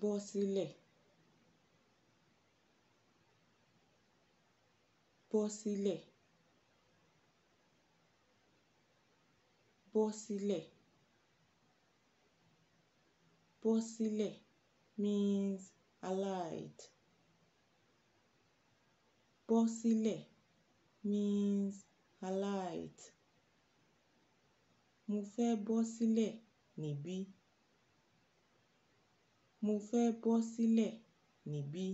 bọ́ sílẹ̀ bọ́ sílẹ̀ bọ́ sílẹ̀ bọ́ sílẹ̀ means alight bọ́ sílẹ̀ means alight mo fẹ́ bọ́ sílẹ̀ níbí mo fẹ́ bọ́ sílẹ̀ níbí